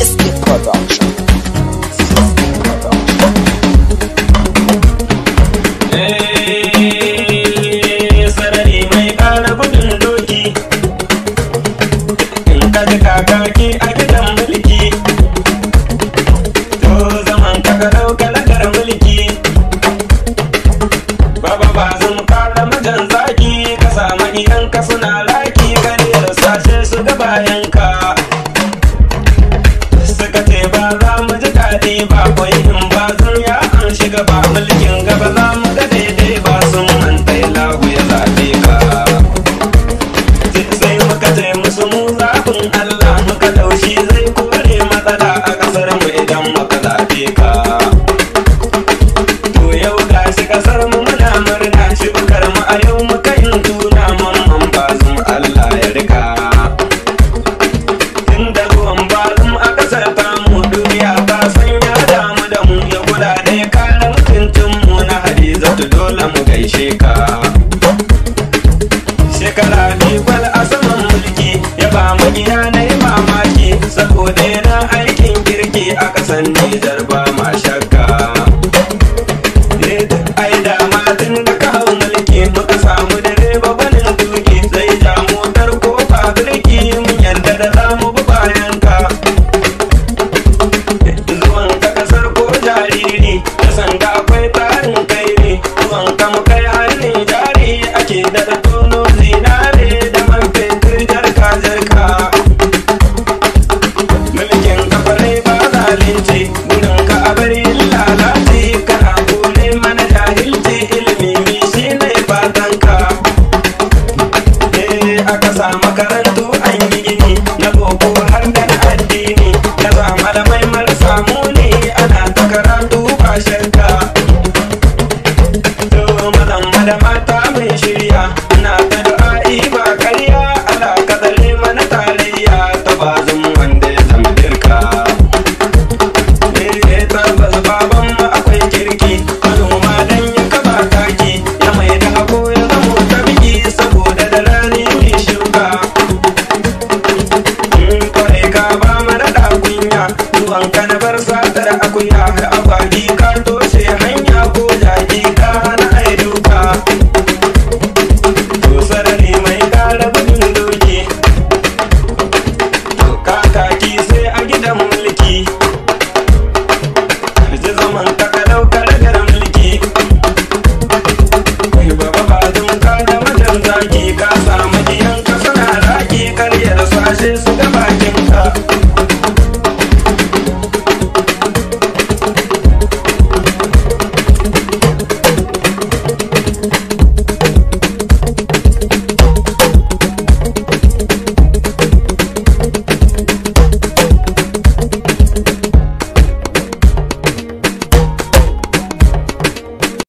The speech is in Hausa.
E, Production. Sarari mai ƙara gudun doki, in ka ji kakaki a gidan mulki, to zaman ka ga ɗaukalar mulki, baba ba zan ƙara majan zaki, ka samu idan ka suna laki, ka ne da sashe su ga bayan za mu ji daɗi ba kwai in ba sun ya an shiga ba mulkin gaba za mu ga daidai ba sun mantai lahu ya zaɓe ka sai muka ce musu mu zafin Allah muka taushi zai kore matsala a ƙasar mu idan muka zaɓe ka to yau gashi ƙasar mu shekara biyu gwal a saman mulki ya ba magiya na mamaki saboda yana aikin kirki a ƙasar Nijar ba ma shakka. Eh, ai da matan da ka mulki muka samu direba banin duki zai ja motar kofa birki mun yarda da za mu bi bayan ka. Eh, zuwan ka kasar ko jariri da sanda into